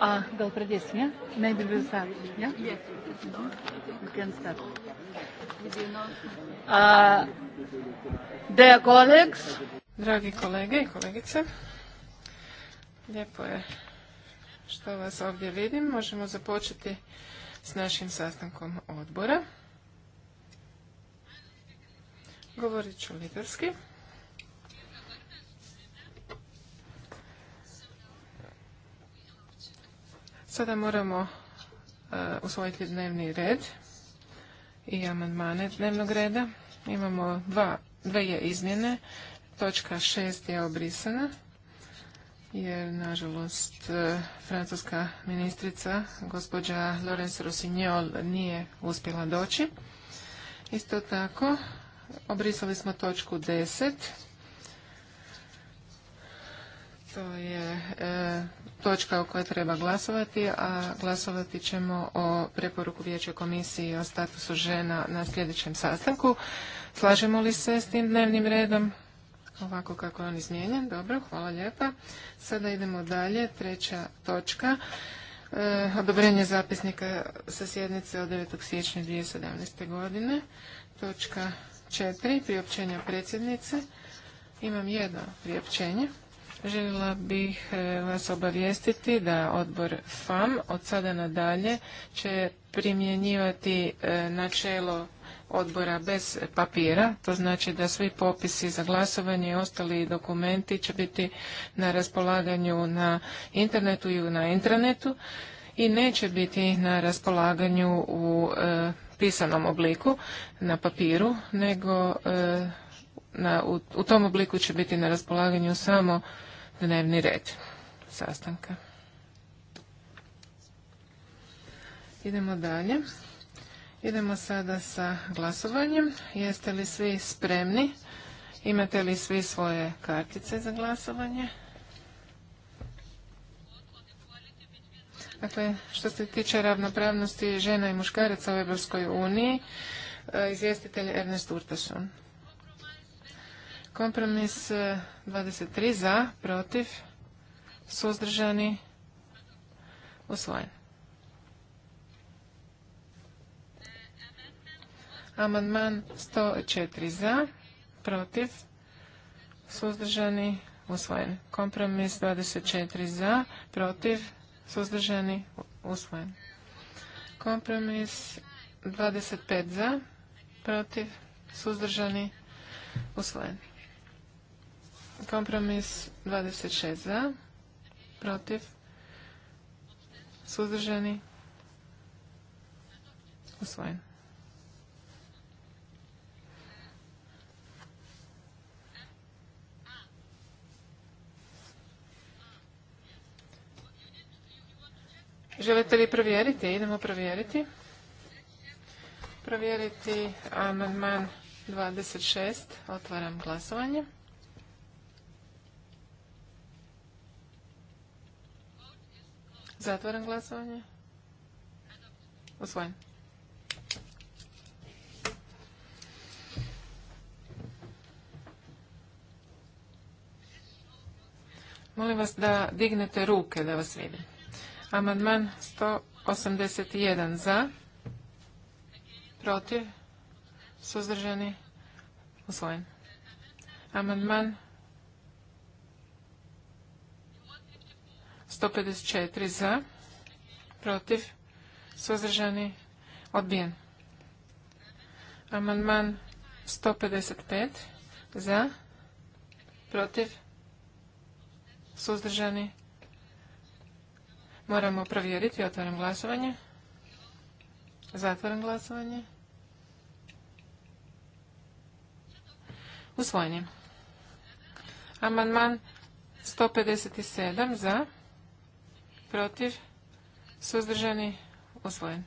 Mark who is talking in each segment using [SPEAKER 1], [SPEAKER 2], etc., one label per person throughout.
[SPEAKER 1] Uh, gal Maybe we'll Dragi kolege i kolegice, lijepo je što vas ovdje vidim. Možemo započeti s našim sastankom odbora. Govorit ću liderski. Sada moramo e, usvojiti dnevni red i amandmane dnevnog reda. Imamo dva, izmjene. Točka šest je obrisana jer nažalost e, francuska ministrica gospođa Lorenz Rossignol nije uspjela doći. Isto tako obrisali smo točku deset. To je e, točka o kojoj treba glasovati, a glasovati ćemo o preporuku Vijeća komisije o statusu žena na sljedećem sastanku. Slažemo li se s tim dnevnim redom? Ovako kako je on izmijenjen. Dobro, hvala lijepa. Sada idemo dalje. Treća točka. E, odobrenje zapisnika sa sjednice od 9. siječnja 2017. godine. Točka četiri. Priopćenja predsjednice. Imam jedno priopćenje. Željela bih e, vas obavijestiti da odbor FAM od sada nadalje će primjenjivati e, načelo odbora bez papira, to znači da svi popisi za glasovanje i ostali dokumenti će biti na raspolaganju na internetu i na intranetu i neće biti na raspolaganju u e, pisanom obliku na papiru, nego u, u tom obliku će biti na raspolaganju samo dnevni red sastanka. Idemo dalje. Idemo sada sa glasovanjem. Jeste li svi spremni? Imate li svi svoje kartice za glasovanje? Dakle, što se tiče ravnopravnosti žena i muškaraca u Europskoj uniji, e, izvjestitelj Ernest Urtasun. Kompromis 23 e, za, protiv, suzdržani, usvojen. Amandman 104 za, protiv, suzdržani, usvojen. Kompromis 24 za, protiv, suzdržani, usvojen. Kompromis 25 za, protiv, suzdržani, usvojen. Kompromis 26 za, protiv, suzdržani, usvojen. Želite li provjeriti? Idemo provjeriti. Provjeriti amandman 26. Otvaram glasovanje. Zatvoram glasovanje. Osvojen. Molim vas da dignete ruke da vas vidim. Amandman 181 za, protiv, suzdržani, usvojen. Amandman 154 za, protiv, suzdržani, odbijen. Amandman 155 za, protiv, suzdržani. Moramo provjeriti, otvaram glasovanje. Zatvaram glasovanje. Usvojenim. Amandman 157 za, protiv, suzdržani, usvojen.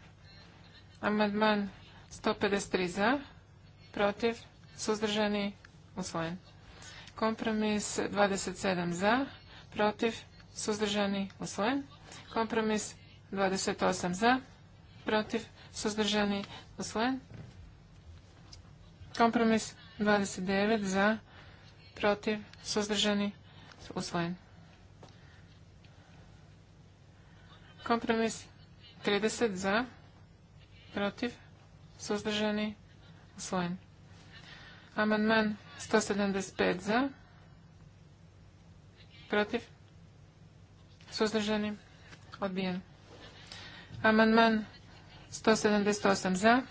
[SPEAKER 1] Amandman 153 za, protiv, suzdržani, usvojen. Kompromis 27 za, protiv, suzdržani, usvojen. Kompromis 28 za, protiv, suzdržani, usvojen. Kompromis 29 za, protiv, suzdržani, usvojen. Kompromis 30 za, protiv, suzdržani, usvojen. Amandman 175 za, protiv, suzdržani, odbijen. Amandman 178 za,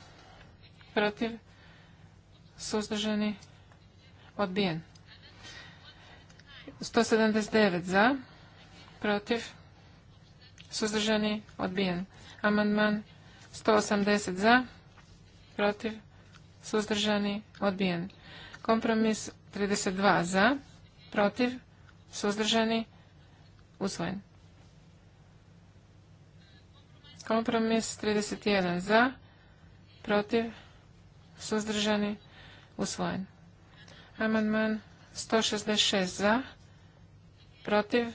[SPEAKER 1] protiv, suzdržani, odbijen. 179 za, protiv, suzdržani, odbijen. Amandman 180 za, protiv, suzdržani, odbijen. Kompromis 32 za, protiv, suzdržani, usvojen. Kompromis 31 za, protiv, suzdržani, usvojen. Amandman 166 za, protiv,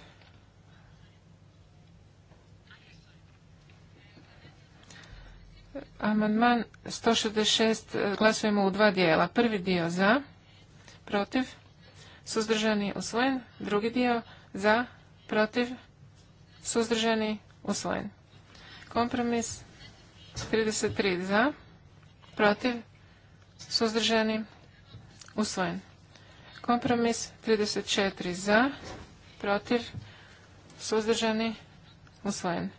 [SPEAKER 1] Amandman 166 e, glasujemo u dva dijela. Prvi dio za, protiv, suzdržani, usvojen. Drugi dio za, protiv, suzdržani, usvojen. Kompromis 33 za, protiv, suzdržani, usvojen. Kompromis 34 za, protiv, suzdržani, usvojen.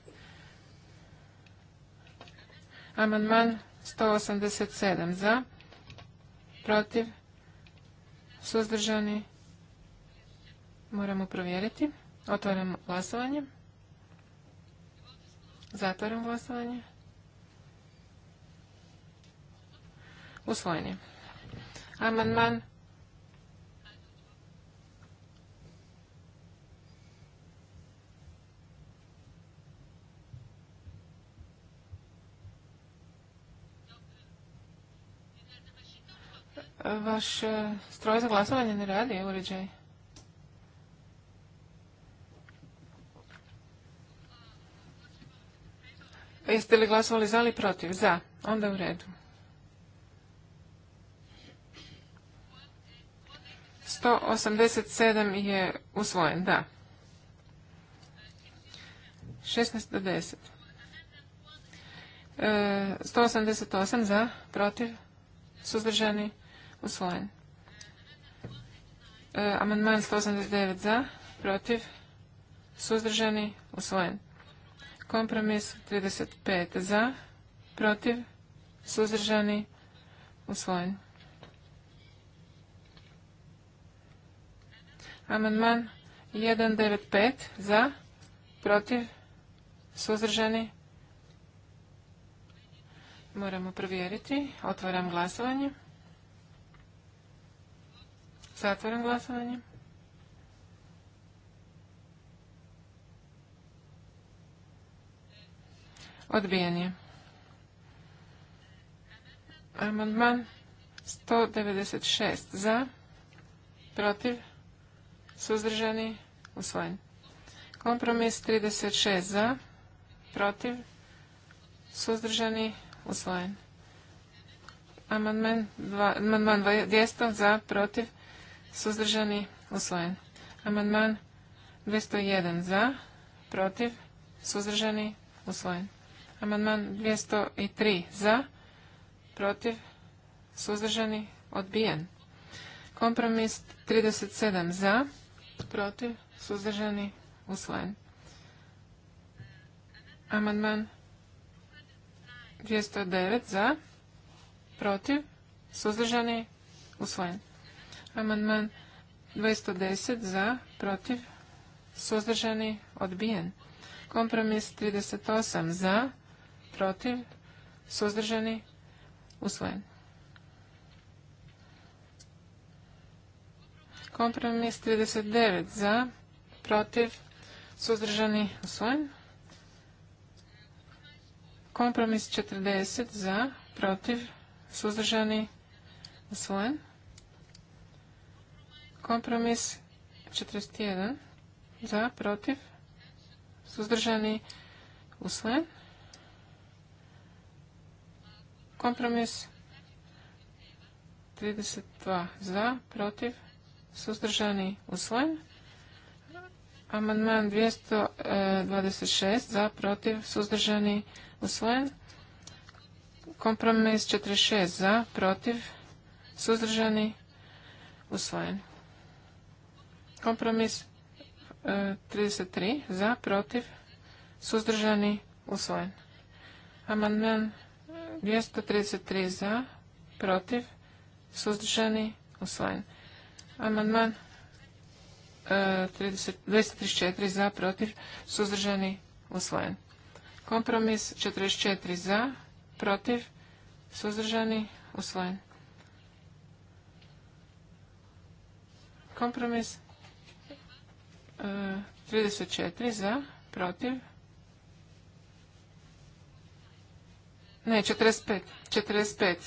[SPEAKER 1] Amandman 187 za, protiv, suzdržani, moramo provjeriti. Otvaram glasovanje. Zatvaram glasovanje. Usvojen je. Amandman Vaš e, stroj za glasovanje ne radi, je uređaj. Jeste li glasovali za ili protiv? Za. Onda u redu. 187 je usvojen, da. 16 do 10. 188 e, za, protiv, suzdržani, Usvojen. E, sto amandman 189 za, protiv, suzdržani, usvojen. Kompromis 35 za, protiv, suzdržani, usvojen. Amandman 195 za, protiv, suzdržani. Moramo provjeriti. Otvaram glasovanje. Zatvaram glasovanje. Odbijen je. Amandman 196 za, protiv, suzdržani, usvojen. Kompromis 36 za, protiv, suzdržani, usvojen. Amandman 200 za, protiv, suzdržani, usvojen. Amandman 201 za, protiv, suzdržani, usvojen. Amandman 203 za, protiv, suzdržani, odbijen. Kompromis 37 za, protiv, suzdržani, usvojen. Amandman 209 za, protiv, suzdržani, usvojen. Amandman 210 za, protiv, suzdržani, odbijen. Kompromis 38 za, protiv, suzdržani, usvojen. Kompromis 39 za, protiv, suzdržani, usvojen. Kompromis 40 za, protiv, suzdržani, usvojen. Kompromis 41 za, protiv, suzdržani, usvojen. Kompromis 32 za, protiv, suzdržani, usvojen. Amandman 226 za, protiv, suzdržani, usvojen. Kompromis 46 za, protiv, suzdržani, usvojen. Kompromis 33 e, za, protiv, suzdržani, usvojen. Amandman 233 e, za, protiv, suzdržani, usvojen. Amandman 234 e, za, protiv, suzdržani, usvojen. Kompromis 44 za, protiv, suzdržani, usvojen. Kompromis 34 za, protiv. Ne, 45. 45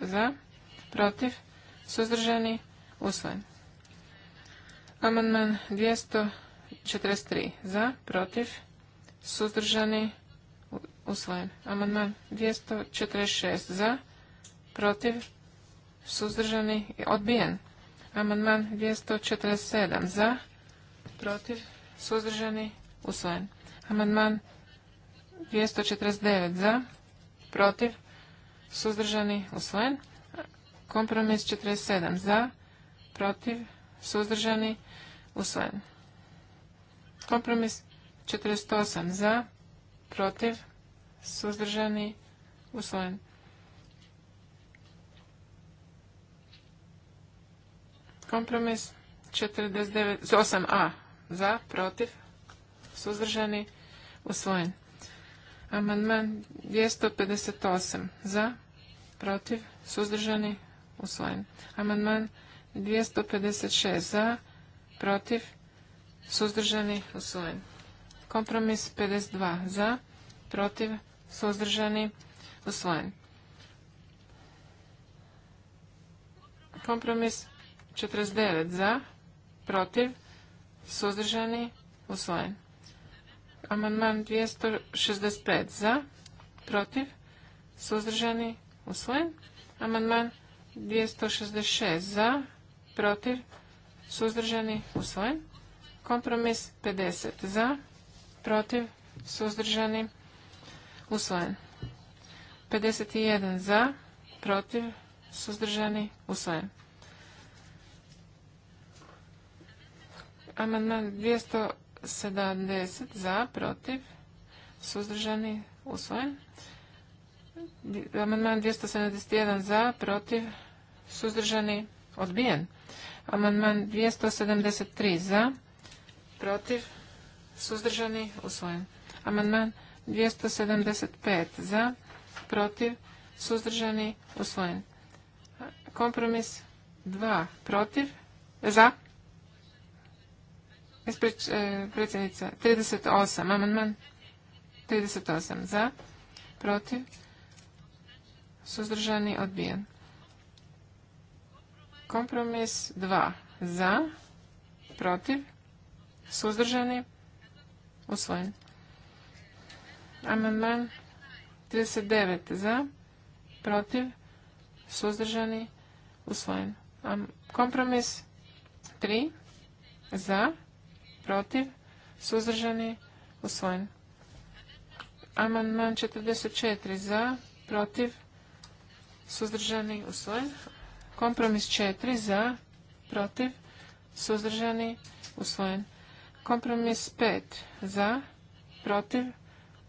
[SPEAKER 1] za, protiv, suzdržani, usvojen. Amandman 243 za, protiv, suzdržani, usvojen. Amandman 246 za, protiv, suzdržani, odbijen. Amandman 247 za, protiv protiv, suzdržani, usvojen. Amandman 249 za, protiv, suzdržani, usvojen. Kompromis 47 za, protiv, suzdržani, usvojen. Kompromis 48 za, protiv, suzdržani, usvojen. Kompromis 49, 8a za, protiv, suzdržani, usvojen. Amandman 258 za, protiv, suzdržani, usvojen. Amandman 256 za, protiv, suzdržani, usvojen. Kompromis 52 za, protiv, suzdržani, usvojen. Kompromis 49 za, protiv, suzdržani, usvojen. Amandman 265 za, protiv, suzdržani, usvojen. Amandman 266 za, protiv, suzdržani, usvojen. Kompromis 50 za, protiv, suzdržani, usvojen. 51 za, protiv, suzdržani, usvojen. Amandman 270 za, protiv, suzdržani, usvojen. Amandman 271 za, protiv, suzdržani, odbijen. Amandman 273 za, protiv, suzdržani, usvojen. Amandman 275 za, protiv, suzdržani, usvojen. Kompromis 2 protiv, za, E, predsjednica, 38, amandman 38 za, protiv, suzdržani, odbijen. Kompromis 2 za, protiv, suzdržani, usvojen. Amandman 39 za, protiv, suzdržani, usvojen. Kompromis 3 za, protiv, suzdržani, usvojen. Amandman 44 za, protiv, suzdržani, usvojen. Kompromis 4 za, protiv, suzdržani, usvojen. Kompromis 5 za, protiv,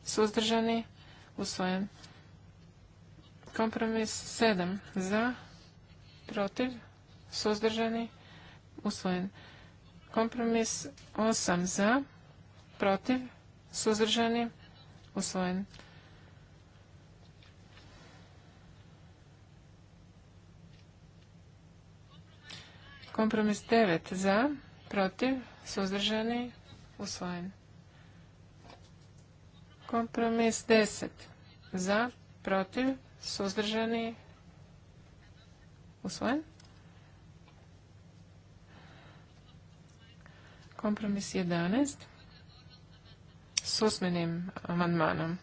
[SPEAKER 1] suzdržani, usvojen. Kompromis 7 za, protiv, suzdržani, usvojen. Kompromis osam za, protiv, suzdržani, usvojen. Kompromis 9 za, protiv, suzdržani, usvojen. Kompromis 10 za, protiv, suzdržani, usvojen. Kompromis 11 s usmenim amandmanom.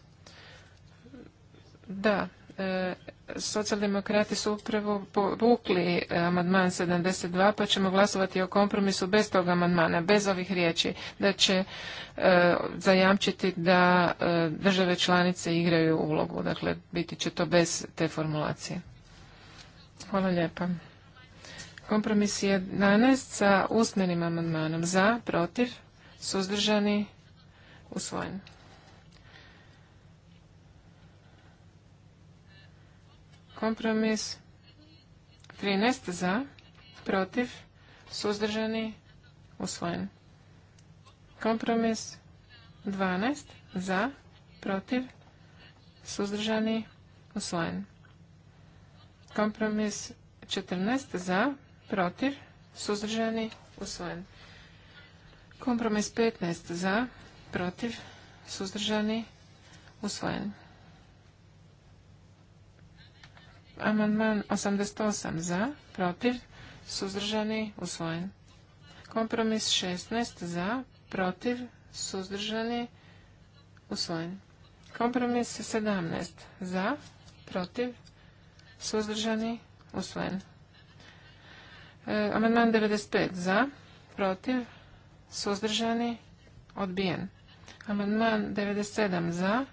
[SPEAKER 1] Da, e, socijaldemokrati su upravo povukli amandman 72, pa ćemo glasovati o kompromisu bez tog amandmana, bez ovih riječi, da će e, zajamčiti da e, države članice igraju ulogu. Dakle, biti će to bez te formulacije. Hvala lijepa. Kompromis 11 sa usmenim amandmanom za, protiv, suzdržani, usvojen. Kompromis 13 za, protiv, suzdržani, usvojen. Kompromis 12 za, protiv, suzdržani, usvojen. Kompromis 14 za, protiv, suzdržani, usvojen. Kompromis 15 za, protiv, suzdržani, usvojen. Amandman 88 za, protiv, suzdržani, usvojen. Kompromis 16 za, protiv, suzdržani, usvojen. Kompromis 17 za, protiv, suzdržani, usvojen. E, amandman 95 za, protiv, suzdržani, odbijen. Amandman 97 za,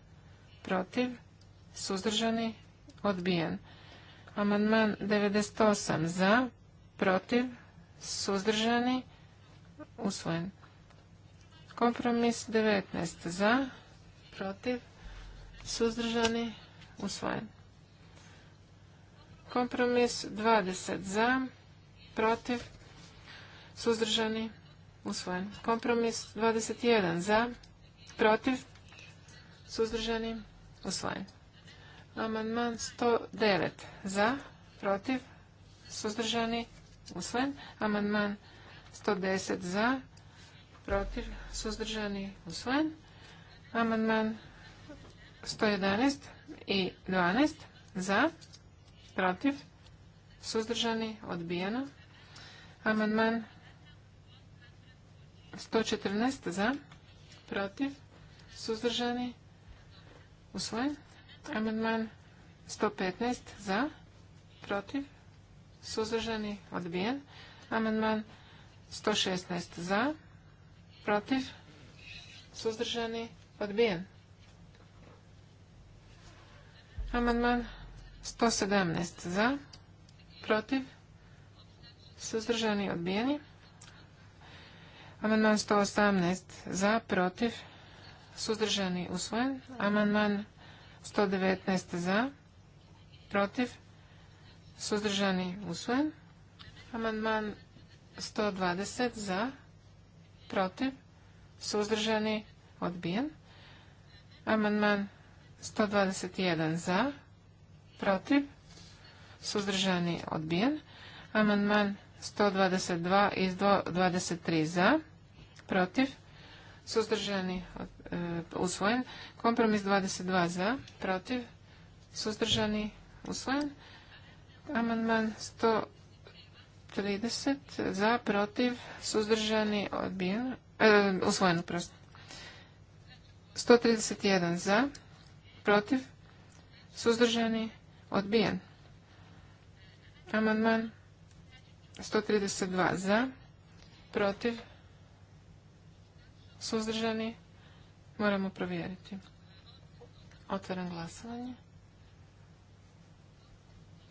[SPEAKER 1] protiv, suzdržani, odbijen. Amandman 98 za, protiv, suzdržani, usvojen. Kompromis 19 za, protiv, suzdržani, usvojen. Kompromis 20 za, protiv, suzdržani, usvojen. Kompromis 21 za, protiv, suzdržani, usvojen. Amandman 109 za, protiv, suzdržani, usvojen. Amandman 110 za, protiv, suzdržani, usvojen. Amandman 111 i 12 za, protiv, suzdržani, odbijeno. Amandman 114 za, protiv, suzdržani, usvojen. Amandman 115 za, protiv, suzdržani, odbijen. Amandman 116 za, protiv, suzdržani, odbijen. Amandman 117 za, protiv, Suzdržani odbijeni. Amandman 118 za, protiv. Suzdržani usvojen. Amandman 119 za, protiv. Suzdržani usvojen. Amandman 120 za, protiv. Suzdržani odbijen. Amandman 121 za, protiv. Suzdržani odbijen. Amandman 122 i 23 za, protiv, suzdržani e, usvojen, kompromis 22 za, protiv, suzdržani usvojen, amandman 130 za, protiv, suzdržani odbijen, e, usvojen, prosto. 131 za, protiv, suzdržani, odbijen. Amandman 132 za, protiv, suzdržani, moramo provjeriti. Otvaram glasovanje.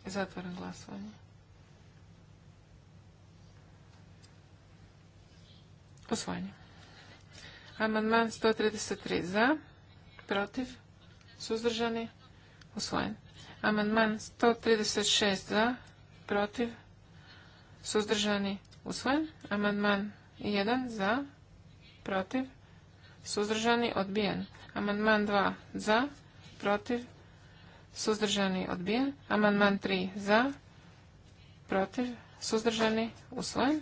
[SPEAKER 1] Zatvaram glasovanje. Osvajanje. Amandman 133 za, protiv, suzdržani, usvojen. Amandman 136 za, protiv, suzdržani, usvojen. Amandman 1 za, protiv, suzdržani, odbijen. Amandman 2 za, protiv, suzdržani, odbijen. Amandman 3 za, protiv, suzdržani, usvojen.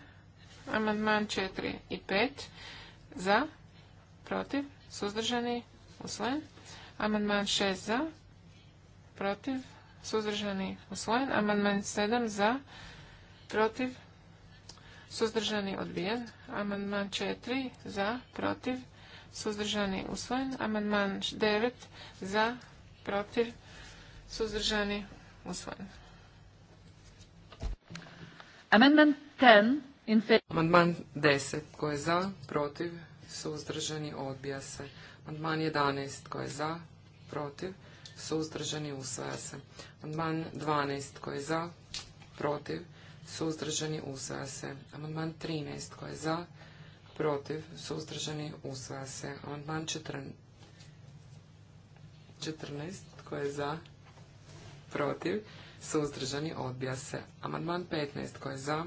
[SPEAKER 1] Amandman 4 i 5 za, protiv, suzdržani, usvojen. Amandman 6 za, protiv, suzdržani, usvojen. Amandman 7 za, protiv, protiv, suzdržani, odbijen. Amandman četiri, za, protiv, suzdržani, usvojen. Amandman devet, za, protiv, suzdržani, usvojen.
[SPEAKER 2] Amandman 10 Amandman koji je za, protiv, suzdržani, odbija se. Amandman 11 koji je za, protiv, suzdržani, usvaja se. Amandman 12 koji je za, protiv, suzdržani, usvaja se. Amandman 13 tko je za, protiv, suzdržani, usvaja se. Amandman 14 tko je za, protiv, suzdržani, odbija se. Amandman 15 tko je za,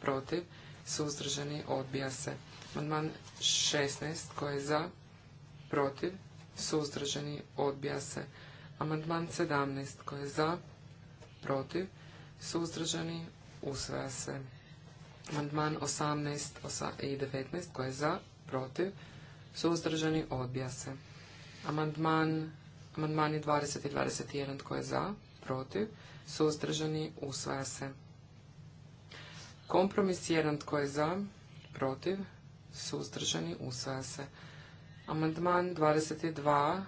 [SPEAKER 2] protiv, suzdržani, odbija se. Amandman 16 tko je za, protiv, suzdržani, odbija se. Amandman 17 tko je za, protiv, suzdržani, usvaja se. Amandman 18 i 19 koje je za, protiv, suzdržani, odbija se. Amandman, amandmani 20 i 21 koje je za, protiv, suzdržani, usvaja se. Kompromis 1 tko je za, protiv, suzdržani, usvaja se. Amandman 22,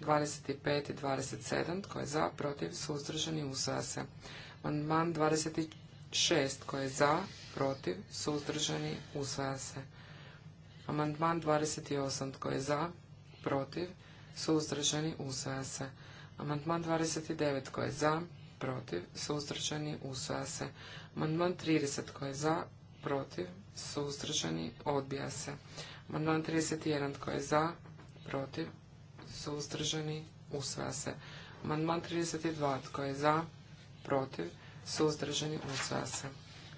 [SPEAKER 2] 25 i 27 tko je za, protiv, suzdržani, usvaja se. Amandman 26 koji je za, protiv, suzdržani, usvaja se. Amandman 28 tko je za, protiv, suzdržani, usvaja se. Amandman 29 tko je za, protiv, suzdržani, usvaja se. Amandman 30 tko je za, protiv, suzdržani, odbija se. Amandman 31 tko je za, protiv, suzdržani, usvaja se. Amandman 32 tko je za, protiv, suzdržani, usvaja se.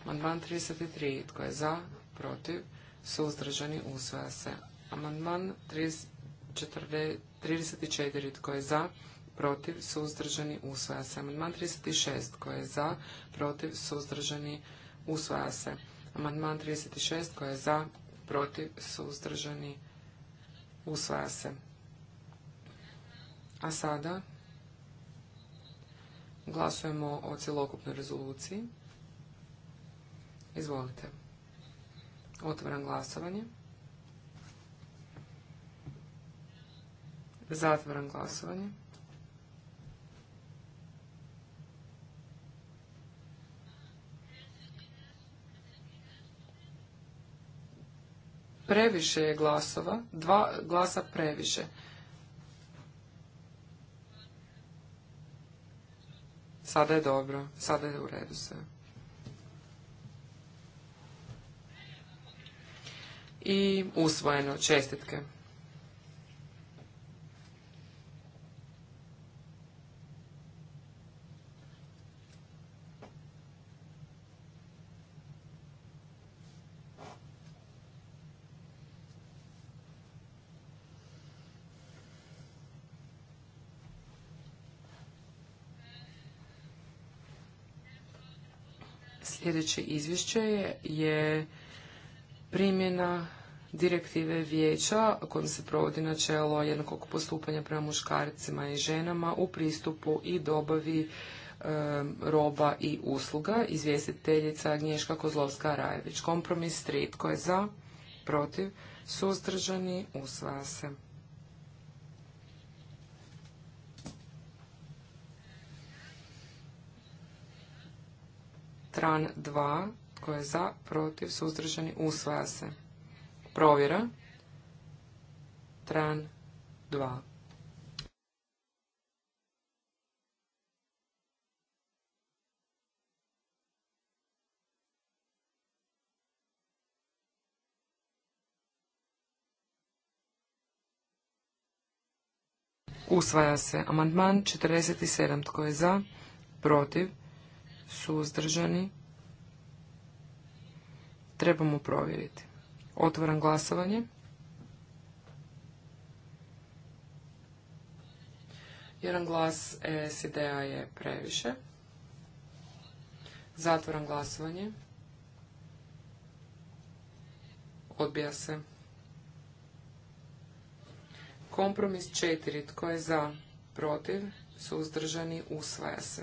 [SPEAKER 2] Amandman 33. Tko je za, protiv, suzdržani, usvaja se. Amandman 34. Tko je za, protiv, suzdržani, usvaja se. Amandman 36. Tko je za, protiv, suzdržani, usvaja se. Amandman 36. Tko je za, protiv, suzdržani, usvaja se. A sada Glasujemo o cjelokupnoj rezoluciji. Izvolite. Otvaram glasovanje. Zatvaram glasovanje. Previše je glasova, dva glasa previše. Sada je dobro, sada je u redu sve. I usvojeno čestitke. Sljedeće izvješće je primjena direktive vijeća kojim se provodi načelo jednakog postupanja prema muškarcima i ženama u pristupu i dobavi roba i usluga. Izvjestiteljica Agnješka Kozlovska-Rajević. Kompromis 3. Tko je za? Protiv? Suzdržani? Usvaja se. Tran 2. Tko je za? Protiv? Suzdržani? Usvaja se. Provjera. Tran 2. Usvaja se amandman 47. Tko je za? Protiv? suzdržani, trebamo provjeriti. Otvaram glasovanje. Jedan glas SID-a je previše. Zatvaram glasovanje. Odbija se. Kompromis 4. Tko je za? Protiv? Suzdržani? Usvaja se.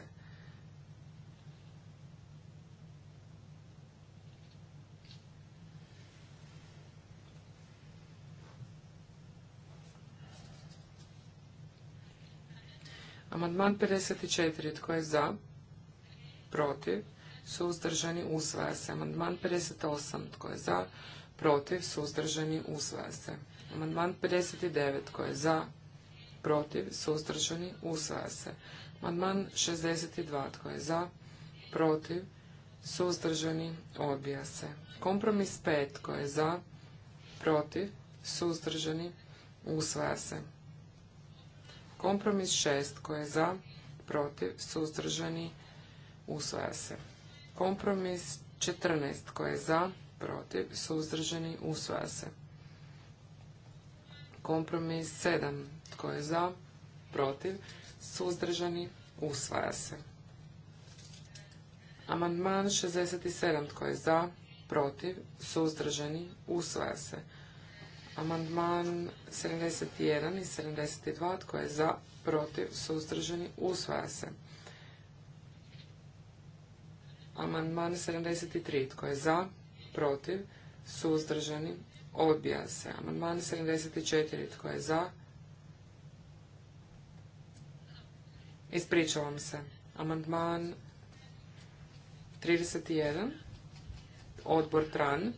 [SPEAKER 2] Amandman 54. Tko je za? Protiv? Suzdržani? Usvaja se. Amandman 58. Tko je za? Protiv? Suzdržani? Usvaja se. Amandman 59. Tko je za? Protiv? Suzdržani? Usvaja se. Amandman 62. Tko je za? Protiv? Suzdržani? Odbija se. Kompromis 5. Tko je za? Protiv? Suzdržani? Usvaja se. Kompromis 6 koji je za, protiv, suzdržani, usvaja se. Kompromis 14 koji je za, protiv, suzdržani, usvaja se. Kompromis 7 koji je za, protiv, suzdržani, usvaja se. Amandman 67 tko je za, protiv, suzdržani, usvaja se. Amandman 71 i 72, tko je za, protiv, suzdržani, usvaja se. Amandman 73, tko je za, protiv, suzdržani, odbija se. Amandman 74, tko je za, ispričavam se. Amandman 31, odbor TRAN,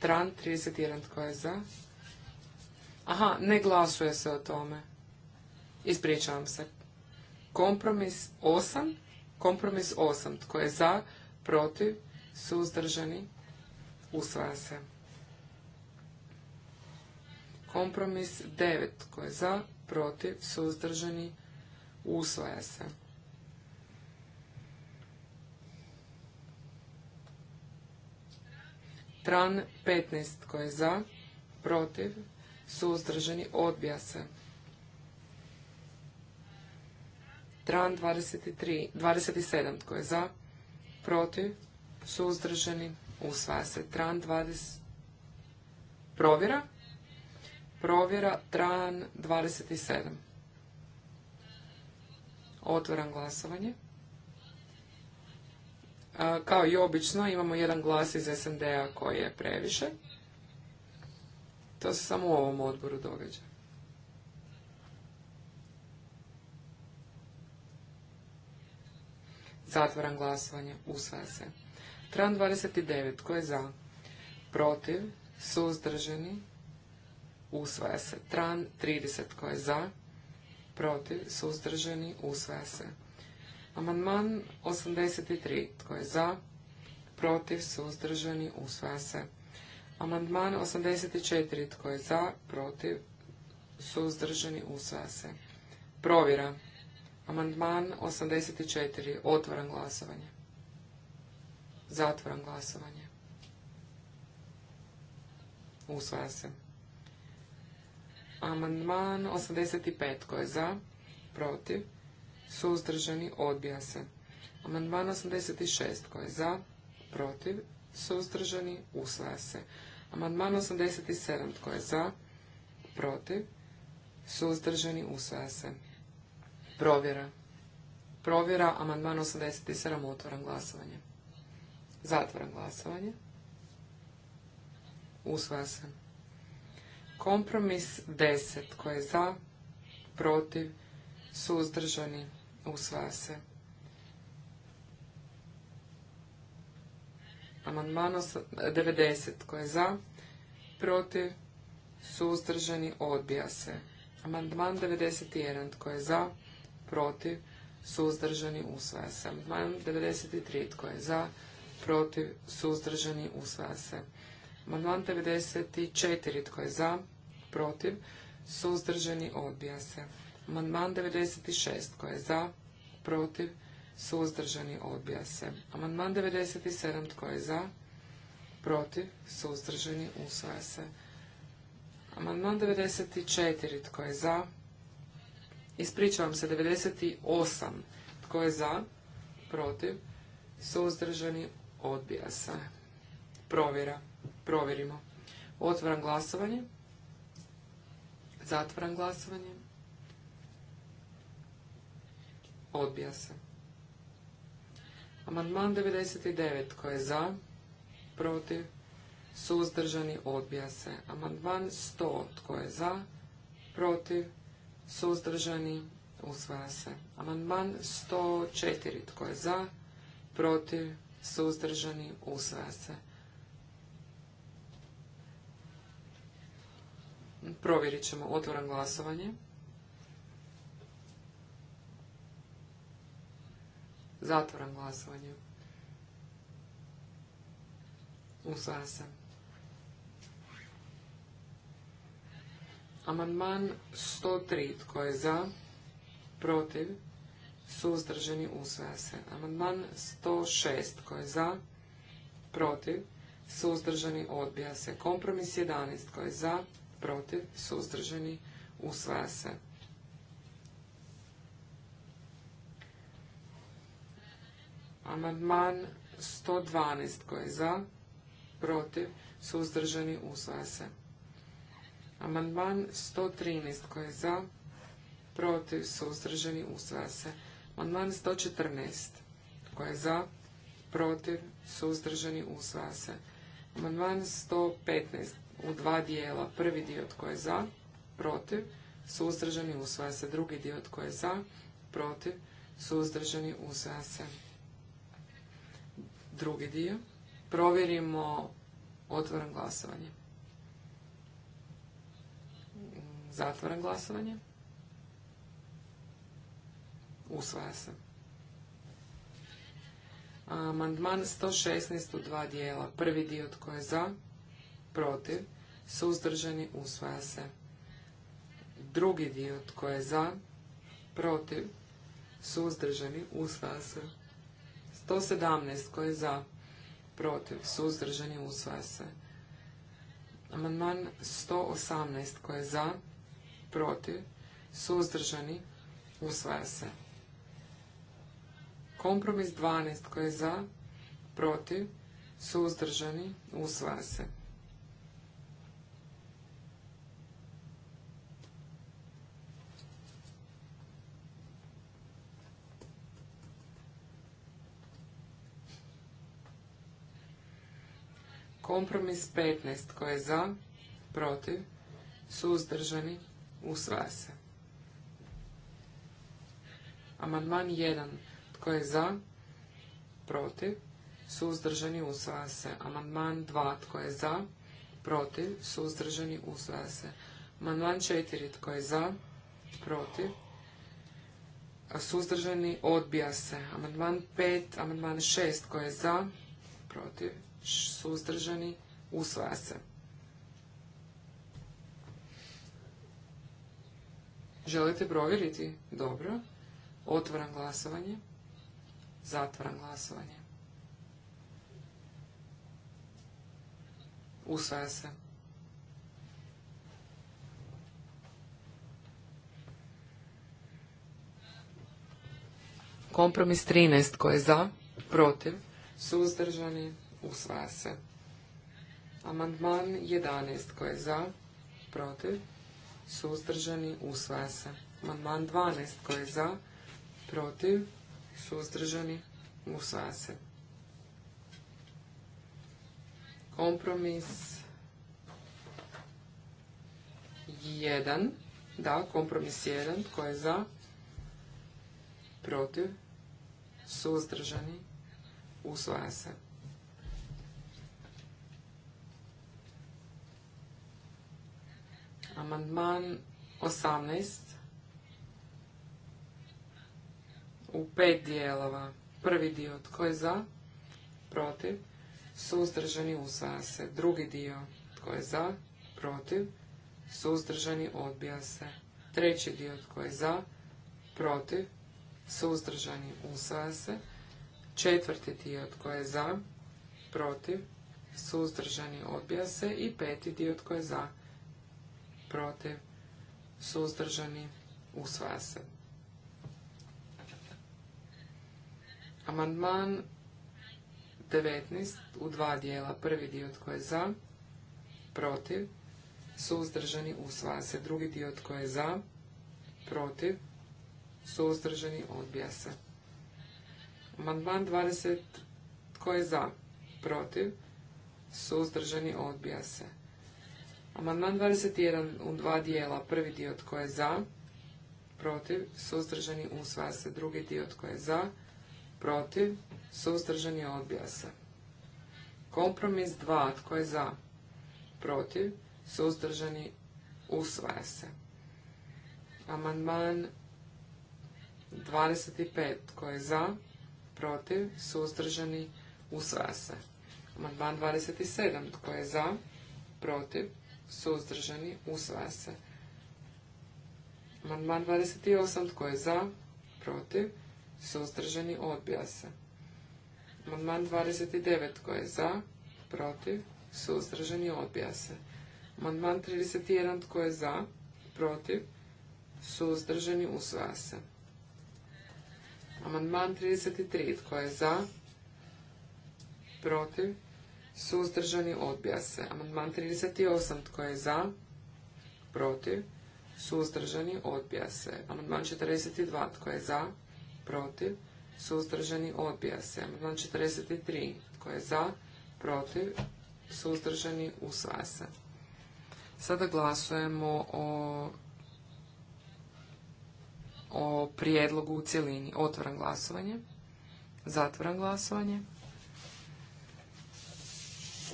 [SPEAKER 2] Tran 31. Tko je za? Aha, ne glasuje se o tome. Ispričavam se. Kompromis 8. Kompromis 8. Tko je za? Protiv? Suzdržani? Usvaja se. Kompromis 9. Tko je za? Protiv? Suzdržani? Usvaja se. Tran 15 tko je za, protiv, suzdržani, odbija se. Tran 23, 27 tko je za, protiv, suzdržani, usvaja se. Tran 20, provjera, provjera, Tran 27. Otvoram glasovanje. Kao i obično imamo jedan glas iz SND-a koji je previše. To se samo u ovom odboru događa. Zatvaram glasovanje. Usvaja se. Tran 29. Tko je za? Protiv. Suzdržani. Usvaja se. Tran 30. Tko je za? Protiv. Suzdržani. Usvaja se. Amandman 83. Tko je za? Protiv? Suzdržani? Usvaja se. Amandman 84. Tko je za? Protiv? Suzdržani? Usvaja se. Provjera. Amandman 84. Otvoran glasovanje. Zatvoran glasovanje. Usvaja se. Amandman 85. Tko je za? Protiv? suzdržani, odbija se. Amandman 86 koji je za, protiv, suzdržani, usvaja se. Amandman 87 tko je za, protiv, suzdržani, usvaja se. Provjera. Provjera, amandman 87, otvoram glasovanje. Zatvaram glasovanje. Usvaja se. Kompromis 10 tko je za, protiv, suzdržani, Usvaja se. Amandman 90. Tko je za? Protiv? Suzdržani? Odbija se. Amandman 91. Tko je za? Protiv? Suzdržani? Usvaja se. Amandman 93. Tko je za? Protiv? Suzdržani? Usvaja se. Amandman 94. Tko je za? Protiv? Suzdržani? Odbija se. Amandman 96. Tko je za? Protiv? Suzdržani? Odbija se. Amandman 97. Tko je za? Protiv? Suzdržani? Usvaja se. Amandman 94. Tko je za? Ispričavam se. 98. Tko je za? Protiv? Suzdržani? Odbija se. Provjera. Provjerimo. Otvaram glasovanje. Zatvaram glasovanje. Odbija se. Amandman 99. Tko je za? Protiv? Suzdržani? Odbija se. Amandman 100. Tko je za? Protiv? Suzdržani? Usvaja se. Amandman 104. Tko je za? Protiv? Suzdržani? Usvaja se. Provjerit ćemo. otvoran glasovanje. Zatvoram glasovanje. Usvara se. Amandman 103. Tko je za? Protiv? Suzdržani? Usvaja se. Amandman 106. Tko je za? Protiv? Suzdržani? Odbija se. Kompromis 11. Tko je za? Protiv? suzdrženi, Usvaja se. Amandman 112 koji je za, protiv, suzdržani, usvaja se. Amandman 113 koji je za, protiv, suzdržani, usvaja se. Amandman 114 koji je za, protiv, suzdržani, usvaja se. Amandman 115 u dva dijela. Prvi dio tko je za, protiv, suzdržani, usvaja se. Drugi dio tko je za, protiv, suzdržani, usvaja se drugi dio. Provjerimo otvoren glasovanje. Zatvoren glasovanje. Usvaja se. Amandman 116 u dva dijela. Prvi dio tko je za, protiv, suzdržani, usvaja se. Drugi dio tko je za, protiv, suzdržani, usvaja se. 117 koji je za, protiv, suzdržani, usvaja se. Amandman 118 koji je za, protiv, suzdržani, usvaja se. Kompromis 12 koji je za, protiv, suzdržani, usvaja se. Kompromis 15. Tko je za? Protiv? Suzdržani? Usvaja se. Amandman 1. Tko je za? Protiv? Suzdržani? Usvaja se. Amandman 2. Tko je za? Protiv? Suzdržani? Usvaja se. Amandman 4. Tko je za? Protiv? Suzdržani? Odbija se. Amandman 5. Amandman 6. Tko je za? Protiv? suzdržani, usvaja se. Želite provjeriti? Dobro. Otvaram glasovanje. Zatvaram glasovanje. Usvaja se. Kompromis 13. Ko je za? Protiv? Suzdržani? usvaja se. Amandman 11 koji je za, protiv, suzdržani, usvaja se. Amandman 12 koji je za, protiv, suzdržani, usvaja se. Kompromis 1, da, kompromis 1 koji je za, protiv, suzdržani, usvaja se. Amandman 18 u pet dijelova. Prvi dio tko je za, protiv, suzdržani usvaja se. Drugi dio tko je za, protiv, suzdržani odbija se. Treći dio tko je za, protiv, suzdržani usvaja se. Četvrti dio tko je za, protiv, suzdržani odbija se. I peti dio tko je za, protiv, suzdržani, usvaja se. Amandman 19 u dva dijela. Prvi dio tko je za, protiv, suzdržani, usvaja se. Drugi dio tko je za, protiv, suzdržani, odbija se. Amandman 20 tko je za, protiv, suzdržani, odbija se. Amandman 21 u dva dijela. Prvi dio tko je za, protiv, suzdržani, usvaja se. Drugi dio tko je za, protiv, suzdržani, odbija se. Kompromis 2 tko je za, protiv, suzdržani, usvaja se. Amandman 25 tko je za, protiv, suzdržani, usvaja se. Amandman 27 tko je za, protiv, suzdržani, usvaja se. Amandman 28. Tko je za? Protiv? Suzdržani? Odbija se. Amandman 29. Tko je za? Protiv? Suzdržani? Odbija se. Amandman 31. Tko je za? Protiv? Suzdržani? Usvaja se. Amandman 33. Tko je za? Protiv? suzdržani, odbija se. Amandman 38, tko je za, protiv, suzdržani, odbija se. Amandman 42, tko je za, protiv, suzdržani, odbija se. Amandman 43, tko je za, protiv, suzdržani, usvaja se. Sada glasujemo o o prijedlogu u cjelini. otvoran glasovanje. zatvoran glasovanje.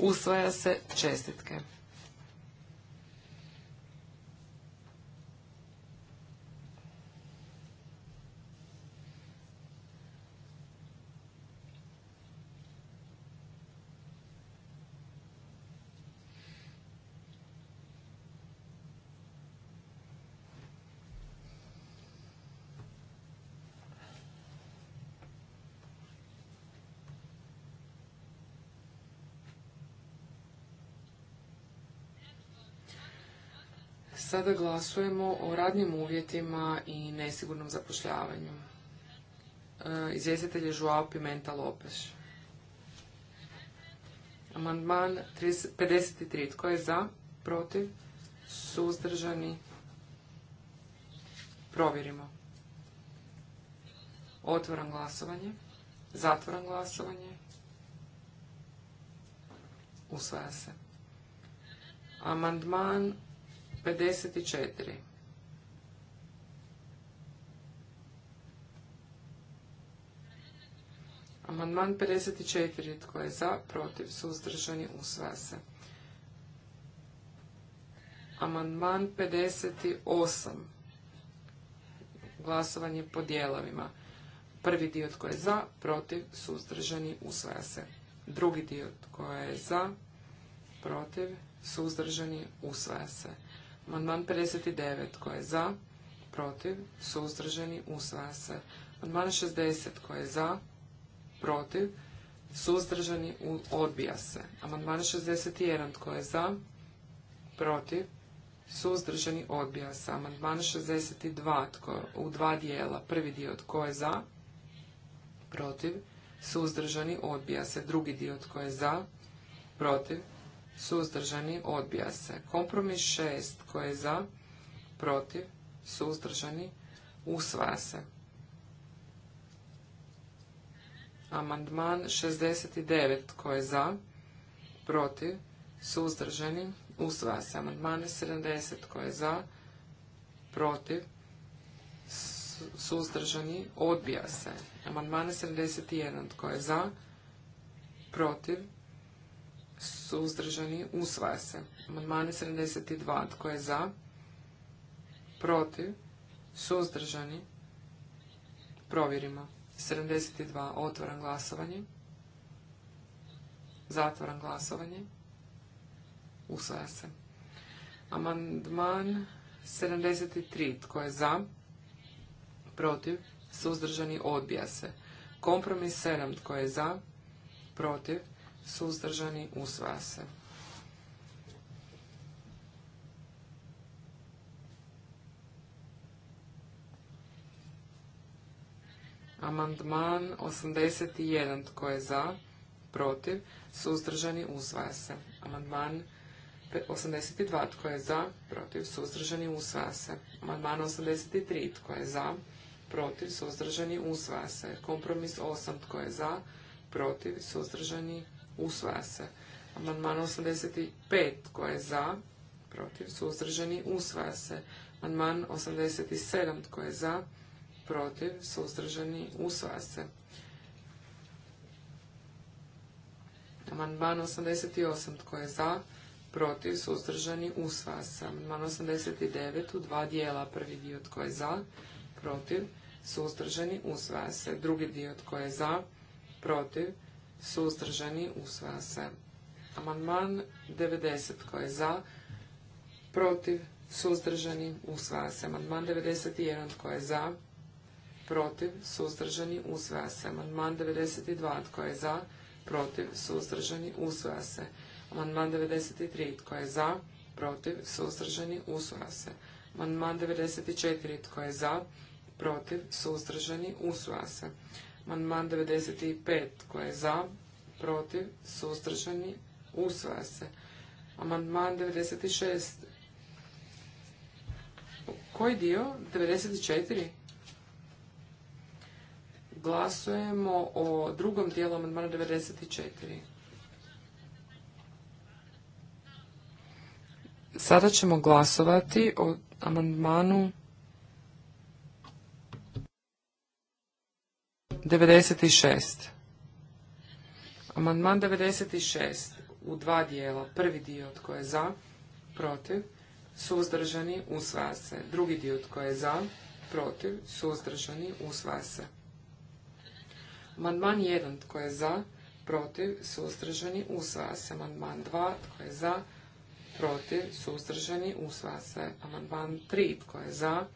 [SPEAKER 2] Usvaja se čestitke. Sada glasujemo o radnim uvjetima i nesigurnom zapošljavanju. E, izvjestitelj je Joao Pimenta Lopeš. Amandman 53. Tko je za? Protiv? Suzdržani? Provjerimo. Otvoram glasovanje. Zatvoram glasovanje. Usvaja se. Amandman 54. Amandman 54. Tko je za, protiv, suzdržani, usvaja se. Amandman 58. Glasovanje po dijelovima. Prvi dio tko je za, protiv, suzdržani, usvaja se. Drugi dio tko je za, protiv, suzdržani, usvaja se. Amandman 59. Tko je za? Protiv? Suzdržani? Usvaja se. Amandman 60. Tko je za? Protiv? Suzdržani? Odbija se. Amandman 61. Tko je za? Protiv? Suzdržani? Odbija se. Amandman 62. Tko u dva dijela. Prvi dio tko je za? Protiv? Suzdržani? Odbija se. Drugi dio tko je za? Protiv? suzdržani, odbija se. Kompromis 6 koji je za, protiv, suzdržani, usvaja se. Amandman 69 koji je za, protiv, suzdržani, usvaja se. Amandman 70 koji je za, protiv, suzdržani, odbija se. Amandman 71 koji je za, protiv, suzdržani, usvaja se. Amandman 72, tko je za, protiv, suzdržani, provjerimo. 72, otvoran glasovanje, zatvoran glasovanje, usvaja se. Amandman 73, tko je za, protiv, suzdržani, odbija se. Kompromis 7, tko je za, protiv, suzdržani, usvaja se. Amandman 81. Tko je za? Protiv? Suzdržani? Usvaja se. Amandman 82. Tko je za? Protiv? Suzdržani? Usvaja se. Amandman 83. Tko je za? Protiv? Suzdržani? Usvaja se. Kompromis 8. Tko je za? Protiv? Suzdržani? usvaja se. Amandman 85 tko je za, protiv, suzdržani, usvaja se. Amandman 87 tko je za, protiv, suzdržani, usvaja se. Amandman 88 tko je za, protiv, suzdržani, usvaja se. Amandman 89 u dva dijela, prvi dio tko je za, protiv, suzdržani, usvaja se. Drugi dio tko je za, protiv, suzdržani, usvaja se. Amandman 90 tko je za, protiv, suzdržani, usvaja se. Amandman 91 tko je za, protiv, suzdržani, usvaja se. Amandman 92 tko je za, protiv, suzdržani, usvaja se. Amandman 93 tko je za, protiv, suzdržani, usvaja se. Amandman 94 tko je za, protiv, suzdržani, usvaja se. Amandman 95 koji je za, protiv, suzdržani, usvaja se. Amandman 96. Koji dio? 94? Glasujemo o drugom dijelu amandmana 94. Sada ćemo glasovati o amandmanu 96. Amandman 96 u dva dijela. Prvi dio tko je za, protiv, suzdržani, usvaja se. Drugi dio tko je za, protiv, suzdržani, usvaja se. Amandman 1 tko je za, protiv, suzdržani, usvaja se. Amandman 2 tko je za, protiv, suzdržani, usvaja se. Amandman 3 tko je za,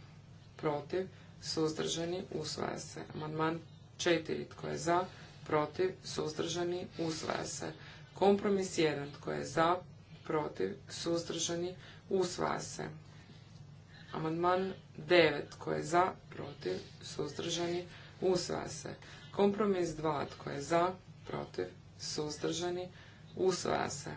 [SPEAKER 2] protiv, suzdržani, usvaja se. Amandman Četiri Tko je za? Protiv? Suzdržani? Usvaja se. Kompromis jedan Tko je za? Protiv? Suzdržani? Usvaja se. Amandman devet Tko je za? Protiv? Suzdržani? Usvaja se. Kompromis dva Tko je za? Protiv? Suzdržani? Usvaja se.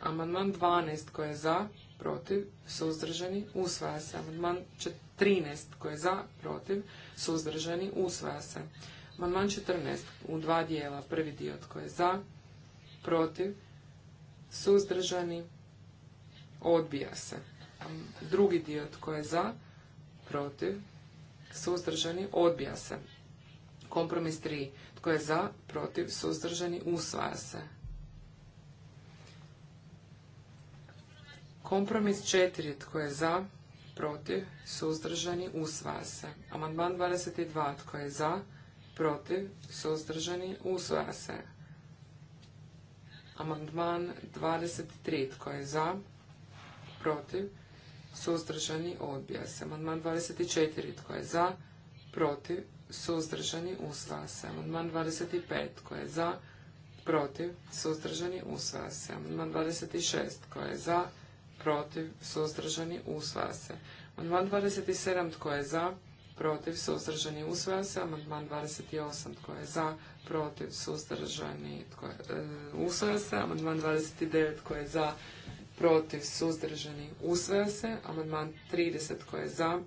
[SPEAKER 2] Amandman 12. Tko je za? protiv, suzdržani, usvaja se. Amandman 13 koji je za, protiv, suzdržani, usvaja se. Amandman 14 u dva dijela, prvi dio tko je za, protiv, suzdržani, odbija se. Drugi dio tko je za, protiv, suzdržani, odbija se. Kompromis 3. Tko je za, protiv, suzdržani, usvaja se. Kompromis 4. Tko je za? Protiv? Suzdržani? Usvaja se. Amandman 22. Tko je za? Protiv? Suzdržani? Usvaja se. Amandman 23. Tko je za? Protiv? Suzdržani? Odbija se. Amandman 24. Tko je za? Protiv? Suzdržani? Usvaja se. Amandman 25. Tko je za? Protiv? Suzdržani? Usvaja se. Amandman 26. Tko je za? protiv, suzdržani, usvaja se. Amandman 27 tko je za, protiv, suzdržani, usvaja se. Amandman 28 e, tko je za, protiv, suzdržani, usvaja se. Amandman 29 tko je za, protiv, suzdržani, usvaja se. Amandman 30 tko je za,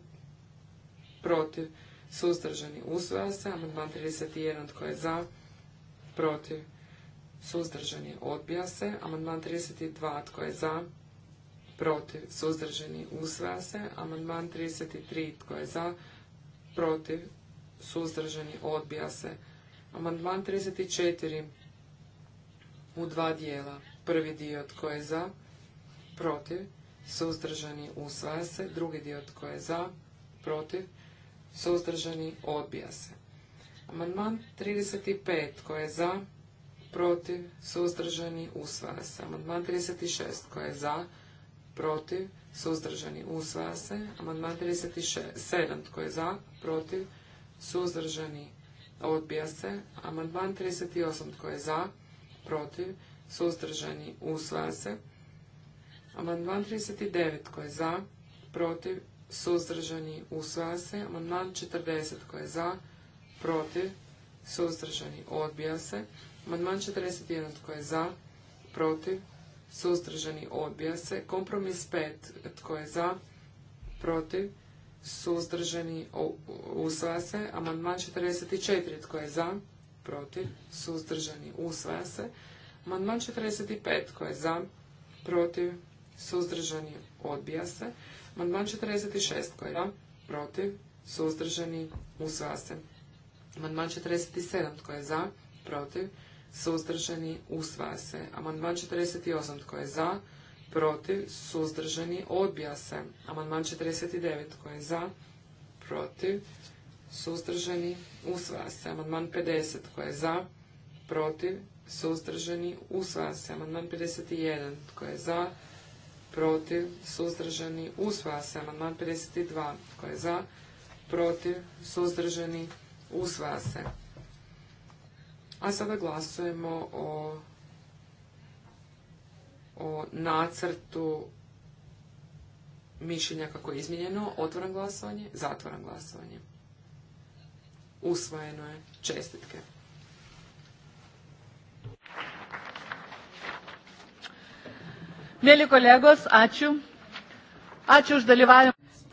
[SPEAKER 2] protiv, suzdržani, usvaja se. Amandman 31 tko je za, protiv, suzdržani, odbija se. Amandman 32 tko je za, protiv, suzdržani, usvaja se. Amandman 33, tko je za, protiv, suzdržani, odbija se. Amandman 34 u dva dijela. Prvi dio tko je za, protiv, suzdržani, usvaja se. Drugi dio tko je za, protiv, suzdržani, odbija se. Amandman 35 tko je za, protiv, suzdržani, usvaja se. Amandman 36 tko je za, protiv, suzdržani, usvaja se. Amandman 37, tko je za, protiv, suzdržani, odbija se. Amandman 38, tko je za, protiv, suzdržani, usvaja se. Amandman 39, tko je za, protiv, suzdržani, usvaja se. Amandman 40, tko je za, protiv, suzdržani, odbija se. Amandman 41, tko je za, protiv, suzdržani, odbija se. Kompromis 5, tko je za, protiv, suzdržani, usvaja se. Amandman 44, tko je za, protiv, suzdržani, usvaja se. Amandman 45, tko je za, protiv, suzdržani, odbija se. Amandman 46, tko je za, protiv, suzdržani, usvaja se. Amandman 47, tko je za, protiv, suzdržani, usvaja se. Amandman 48, tko je za, protiv, suzdržani, odbija se. Amandman 49, tko je za, protiv, suzdržani, usvaja se. Amandman 50, tko je za, protiv, suzdržani, usvaja se. Amandman 51, tko je za, protiv, suzdržani, usvaja se. Amandman 52, tko je za, protiv, suzdržani, usvaja se. A sada glasujemo o, o nacrtu mišljenja kako je izmijenjeno. Otvoran glasovanje, zatvoran glasovanje. Usvojeno je. Čestitke.
[SPEAKER 1] Mili kolegos, ačiū. Ačiū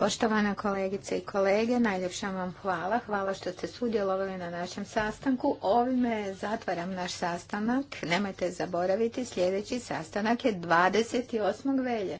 [SPEAKER 1] Poštovana kolegice i kolege, najljepša vam hvala. Hvala što ste sudjelovali na našem sastanku. Ovime zatvaram naš sastanak. Nemojte zaboraviti, sljedeći sastanak je 28. velje.